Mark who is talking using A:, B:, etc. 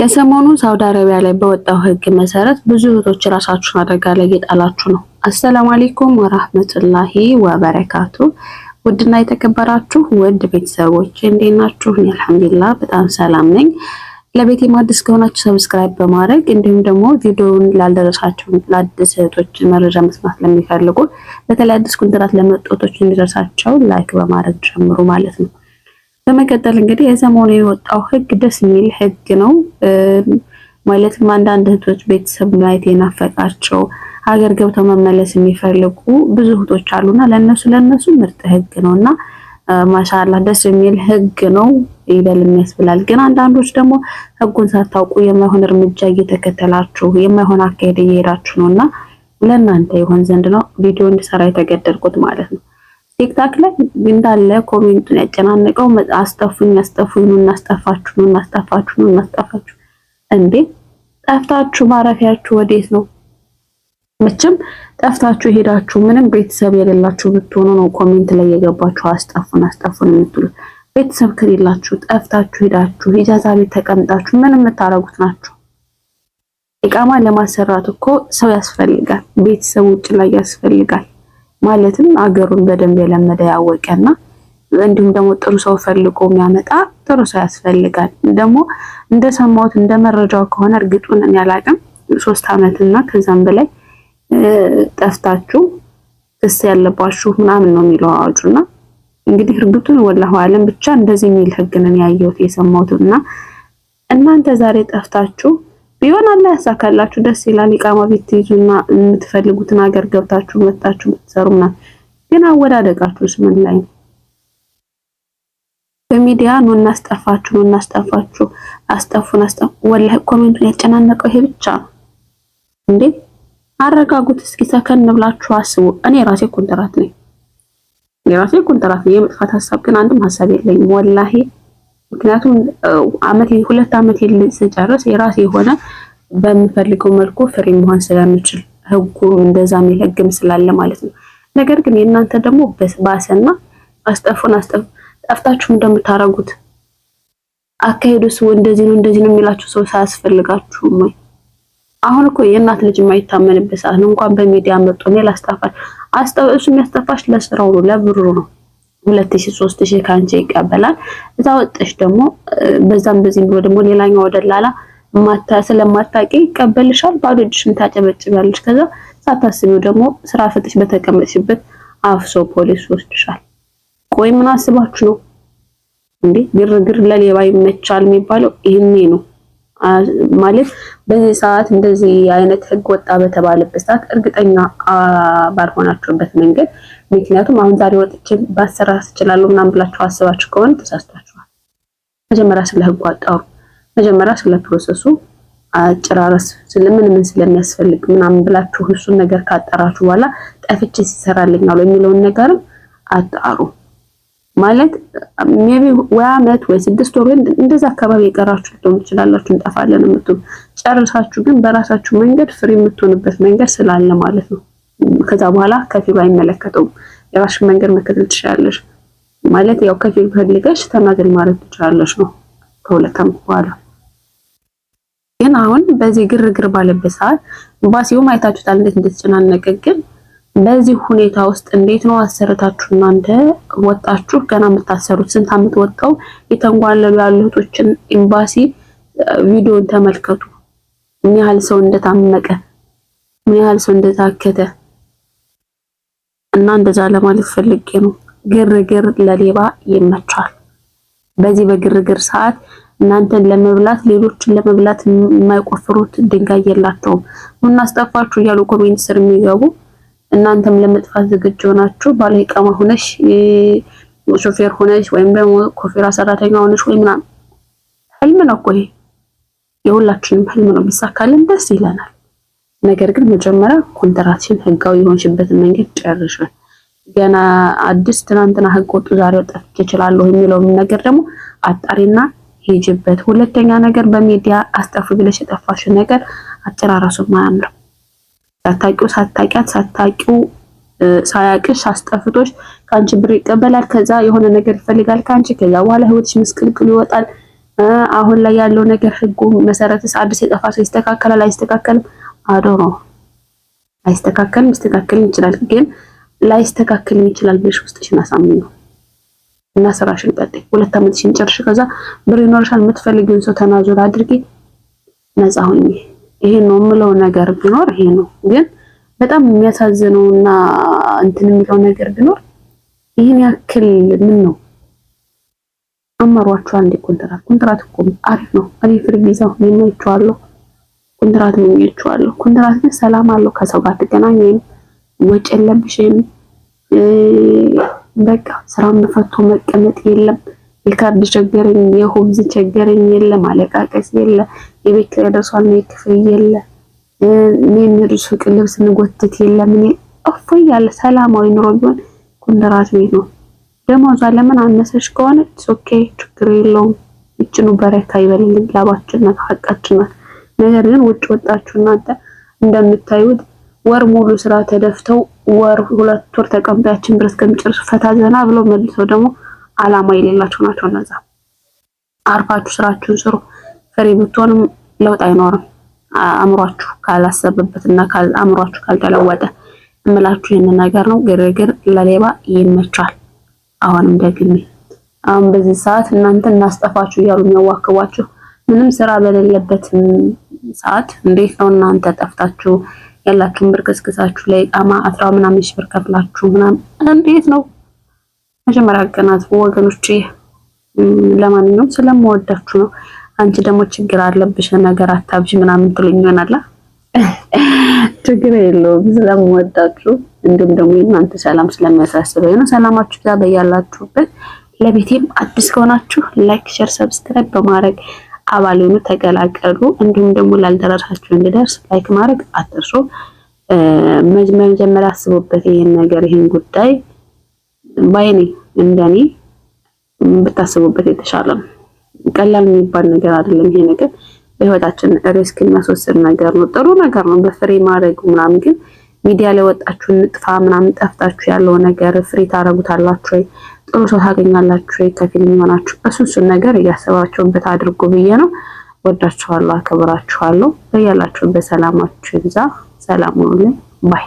A: የሰሞኑ ሳውዲ አረቢያ ላይ በወጣው ህግ መሰረት ብዙ እህቶች ራሳችሁን አደጋ ላይ እየጣላችሁ ነው። አሰላሙ አለይኩም ወራህመቱላሂ ወበረካቱ። ውድና የተከበራችሁ ውድ ቤተሰቦች እንዴት ናችሁ? እኔ አልሐምዱሊላህ በጣም ሰላም ነኝ። ለቤት አዲስ ከሆናችሁ ሰብስክራይብ በማድረግ እንዲሁም ደግሞ ቪዲዮውን ላልደረሳችሁ ለአዲስ እህቶች መረጃ መስማት ለሚፈልጉ በተለይ አዲስ ኮንትራት ለመጡ እህቶች እንዲደርሳቸው ላይክ በማድረግ ጀምሩ ማለት ነው። በመቀጠል እንግዲህ የሰሞኑ የወጣው ህግ ደስ የሚል ህግ ነው። ማለትም አንዳንድ እህቶች ቤተሰብ ማየት የናፈቃቸው ሀገር ገብተው መመለስ የሚፈልጉ ብዙ እህቶች አሉና ለነሱ ለነሱ ምርጥ ህግ ነው እና ማሻላ ደስ የሚል ህግ ነው ይበል የሚያስብላል። ግን አንዳንዶች ደግሞ ህጉን ሳታውቁ የማይሆን እርምጃ እየተከተላችሁ የማይሆን አካሄድ እየሄዳችሁ ነው እና ለእናንተ ይሆን ዘንድ ነው ቪዲዮ እንድሰራ የተገደድኩት ማለት ነው። ቲክታክ ላይ እንዳለ ኮሜንቱን ያጨናነቀው አስጠፉኝ አስጠፉኝ ነው እናስጠፋችሁ ነው እናስጠፋችሁ ነው እናስጠፋችሁ። እንዴ ጠፍታችሁ ማረፊያችሁ ወዴት ነው? መቼም ጠፍታችሁ ሄዳችሁ ምንም ቤተሰብ የሌላችሁ ብትሆኑ ነው ኮሜንት ላይ የገባችሁ አስጠፉን አስጠፉን የምትሉት። ቤተሰብ ከሌላችሁ ጠፍታችሁ ሄዳችሁ ኢጃዛ ቤት ተቀምጣችሁ ምን የምታረጉት ናችሁ? ኢቃማ ለማሰራት እኮ ሰው ያስፈልጋል። ቤተሰብ ውጭ ላይ ያስፈልጋል። ማለትም አገሩን በደንብ የለመደ ያወቀና እንዲሁም ደግሞ ጥሩ ሰው ፈልጎ የሚያመጣ ጥሩ ሰው ያስፈልጋል። ደግሞ እንደሰማሁት እንደ መረጃው ከሆነ እርግጡን እኔ አላቅም፣ ሶስት ዓመት እና ከዛም በላይ ጠፍታችሁ ክስ ያለባችሁ ምናምን ነው የሚለው አዋጁና እንግዲህ እርግጡን ወላሁ አለም ብቻ እንደዚህ የሚል ህግንን ያየሁት የሰማሁት እና እናንተ ዛሬ ጠፍታችሁ ቢሆን አላህ ያሳካላችሁ። ደስ ይላል። ይቃማ ቤት ትይዙና የምትፈልጉትን ሀገር ገብታችሁ መጣችሁ የምትሰሩና ግን አወዳደቃችሁስ ምን ላይ ነው? በሚዲያ ነው እናስጠፋችሁ፣ ነው እናስጠፋችሁ፣ አስጠፉን፣ አስጠፉ። ወላሂ ኮሜንቱን ያጨናነቀው ይሄ ብቻ ነው እንዴ! አረጋጉት እስኪ፣ ሰከን ብላችሁ አስቡ። እኔ ራሴ ኮንትራት ነኝ፣ የራሴ ኮንትራት ነኝ። የመጥፋት ሀሳብ ግን አንድም ሀሳብ የለኝም ወላሄ ምክንያቱም አመት ሁለት አመት ስጨርስ የራሴ የሆነ በምፈልገው መልኩ ፍሬ መሆን ስለምችል ህጉ እንደዛ የሚለግም ስላለ ማለት ነው። ነገር ግን የእናንተ ደግሞ ባሰና አስጠፉን ጠፍታችሁ እንደምታረጉት አካሄዱስ እንደዚህ ነው እንደዚህ ነው የሚላችሁ ሰው ሳያስፈልጋችሁም ወይ? አሁን እኮ የእናት ልጅ የማይታመንበት ሰዓት እንኳን በሚዲያ መጥቶ እኔ እሱ የሚያስጠፋሽ ለስራው ነው ለብሩ ነው። ሁለት ሺህ ሶስት ሺህ ከአንቺ ይቀበላል። እዛ ወጥሽ ደግሞ በዛም በዚህ ብሎ ደግሞ ሌላኛው ደላላ ስለማታውቂ ይቀበልሻል። ባዶ እጅሽን ታጨበጭባለሽ። ከዛ ሳታስቢው ደግሞ ስራ ፈጥሽ በተቀመጥሽበት አፍሶ ፖሊስ ወስድሻል። ቆይ ምን አስባችሁ ነው እንዴ? ግርግር ለሌባ ይመቻል የሚባለው ይህኔ ነው ማለት በዚህ ሰዓት እንደዚህ አይነት ህግ ወጣ በተባለበት ሰዓት እርግጠኛ ባልሆናችሁበት መንገድ ምክንያቱም አሁን ዛሬ ወጥቼ ባሰራ ስችላሉ ምናምን ብላችሁ አስባችሁ ከሆነ ተሳስታችኋል። መጀመሪያ ስለ ህጉ አጣሩ፣ መጀመሪያ ስለ ፕሮሰሱ አጨራረስ፣ ስለምን ምን ስለሚያስፈልግ ምናምን ብላችሁ እሱን ነገር ካጠራችሁ በኋላ ጠፍቼ ሲሰራልኛል የሚለውን ነገርም አጣሩ። ማለት ሜቢ ወይ አመት ወይ ስድስት ወር እንደዛ አካባቢ የቀራችሁ ልትሆኑ ትችላላችሁ። እንጠፋለን የምትሉ ጨርሳችሁ፣ ግን በራሳችሁ መንገድ ፍሪ የምትሆንበት መንገድ ስላለ ማለት ነው። ከዛ በኋላ ከፊሉ አይመለከተውም። የራስሽን መንገድ መከተል ትችላለሽ ማለት ያው ከፊሉ ፈልገሽ ተናገሪ ማለት ትችላለሽ ነው። ከሁለት ዓመት በኋላ ግን አሁን በዚህ ግርግር ባለበት ሰዓት ኤምባሲውም አይታችሁታል እንዴት እንደተጨናነቀ ግን በዚህ ሁኔታ ውስጥ እንዴት ነው አሰርታችሁ እናንተ ወጣችሁ ገና የምታሰሩት? ስንት ዓመት ወጣው የተንጓለሉ ያሉ እህቶችን ኤምባሲ ቪዲዮን ተመልከቱ። ምን ያህል ሰው እንደታመቀ፣ ምን ያህል ሰው እንደታከተ እና እንደዛ ለማለት ፈልጌ ነው። ግርግር ለሌባ ይመቻል። በዚህ በግርግር ሰዓት እናንተን ለመብላት ሌሎችን ለመብላት የማይቆፍሩት ድንጋይ የላቸውም። ምን አስጠፋችሁ እያሉ ኮሜንት ስር የሚገቡ እናንተም ለመጥፋት ዝግጁ ሆናችሁ ባለቀማ ሆነሽ ሾፌር ሆነሽ ወይም ደግሞ ኮፊራ ሰራተኛ ሆነሽ ወይ ምናምን ህልም ነው እኮ ይሄ የሁላችንም ህልም ነው። ቢሳካልን ደስ ይለናል። ነገር ግን መጀመሪያ ኮንትራትሽን ህጋዊ የሆንሽበትን መንገድ ጨርሽ። ገና አዲስ ትናንትና ህግ ወጡ ዛሬ ጠፍቼ እችላለሁ የሚለውን ነገር ደግሞ አጣሪና ሂጅበት። ሁለተኛ ነገር በሚዲያ አስጠፉ ብለሽ የጠፋሽን ነገር አጨራረሱም አያምርም። ሳታቂው ሳታቂያት ሳታቂው ሳያቅሽ አስጠፍቶሽ ከአንቺ ብር ይቀበላል። ከዛ የሆነ ነገር ይፈልጋል ከአንቺ። ከዛ በኋላ ህይወትሽ ምስቅልቅሉ ይወጣል። አሁን ላይ ያለው ነገር ህጉ መሰረትስ አዲስ የጠፋ ሰው ይስተካከላል አይስተካከልም? አዶሮ አይስተካከልም። ይስተካከልም ይችላል ግን ላይስተካከልም ይችላል ብለሽ ውስጥሽን አሳምኚው እና ስራሽን ቀጥይ። ሁለት ዓመትሽን ጨርሽ። ከዛ ብር ይኖርሻል። የምትፈልጊውን ሰው ተናዞር አድርጊ። ነፃ ሁኚ። ይሄ ነው የምለው ነገር ቢኖር ይሄ ነው። ግን በጣም የሚያሳዝነውና እንትን የሚለው ነገር ቢኖር ይህን ያክል ምን ነው አማሯቸው አንድ ኮንትራት ኮንትራት እኮ አሪፍ ነው። እኔ ፍርጊዛው ምንይቻለሁ ኮንትራት ምንይቻለሁ። ኮንትራት ግን ሰላም አለው። ከሰው ጋር ትገናኝም፣ ወጭ የለብሽም። በቃ ስራ ፈቶ መቀመጥ የለም። የካርድ ቸገረኝ፣ የሆብዝ ቸገረኝ የለ ማለቃቀስ የለ የቤት ኪራይ ደርሷል ነው ክፍል የለ የሚሄዱ ሱቅ ልብስ ንጎትት የለ ምን እፎይ ያለ ሰላማዊ ኑሮ ቢሆን ጎንደር አዝሜት ነው። ደሞዟ ለምን አነሰች ከሆነ ኦኬ ችግር የለውም። ይችኑ በረካ ይበልልን ላባችን ናት ሀቃችን ናት። ነገር ግን ውጭ ወጣችሁ እናንተ እንደምታዩት ወር ሙሉ ስራ ተደፍተው ወር ሁለት ወር ተቀምጦ ያችን ብረት ፈታ ዘና ብለው መልሰው ደግሞ አላማ የሌላቸው ናቸው። እነዛ አርፋችሁ ስራችሁን ስሩ። ፍሬ ብትሆንም ለውጥ አይኖርም። አእምሯችሁ ካላሰበበትና አእምሯችሁ ካልተለወጠ እምላችሁ ይህንን ነገር ነው። ግርግር ለሌባ ይመቻል። አሁንም ደግሜ አሁን በዚህ ሰዓት እናንተ እናስጠፋችሁ እያሉ የሚያዋክቧችሁ ምንም ስራ በሌለበት ሰዓት እንዴት ነው እናንተ ጠፍታችሁ ያላችሁን ብር ከስክሳችሁ ለኢቃማ አስራ ምናምን ሺህ ብር ከፍላችሁ ምናምን እንዴት ነው መጀመሪያ ቀናት ወገኖች፣ ለማንኛውም ስለምወዳችሁ ነው። አንቺ ደግሞ ችግር አለብሽ ነገር አታብሽ ምናምን ትሉኝ ይሆናል። ችግር የለውም ስለምወዳችሁ፣ እንዲሁም ደግሞ እናንተ ሰላም ስለሚያሳስበኝ ነው። ሰላማችሁ ብዛ በያላችሁበት። ለቤቴም አዲስ ከሆናችሁ ላይክ፣ ሸር፣ ሰብስክራይብ በማድረግ አባል ሆኑ ተቀላቀሉ። እንዲሁም ደግሞ ላልደረሳችሁ እንድደርስ ላይክ ማድረግ አትርሱ። መጀመሪያ አስቡበት ይሄን ነገር ይሄን ጉዳይ ባይኔ እንደኔ ብታስቡበት የተሻለ ነው። ቀላል የሚባል ነገር አይደለም። ይሄ ነገር በህይወታችን ሪስክ የሚያስወስድ ነገር ነው። ጥሩ ነገር ነው በፍሬ ማድረግ ምናምን፣ ግን ሚዲያ ላይ ወጣችሁ ንጥፋ ምናምን ጠፍታችሁ ያለው ነገር ፍሬ ታረጉታላችሁ ወይ ጥሩ ሰው ታገኛላችሁ ወይ ከፊልም ይሆናችሁ። እሱን ነገር እያሰባችሁበት አድርጎ ብዬ ነው። ወዳችኋለሁ፣ አከብራችኋለሁ። በያላችሁበት ሰላማችሁ ይብዛ። ሰላም ሁኑልኝ ባይ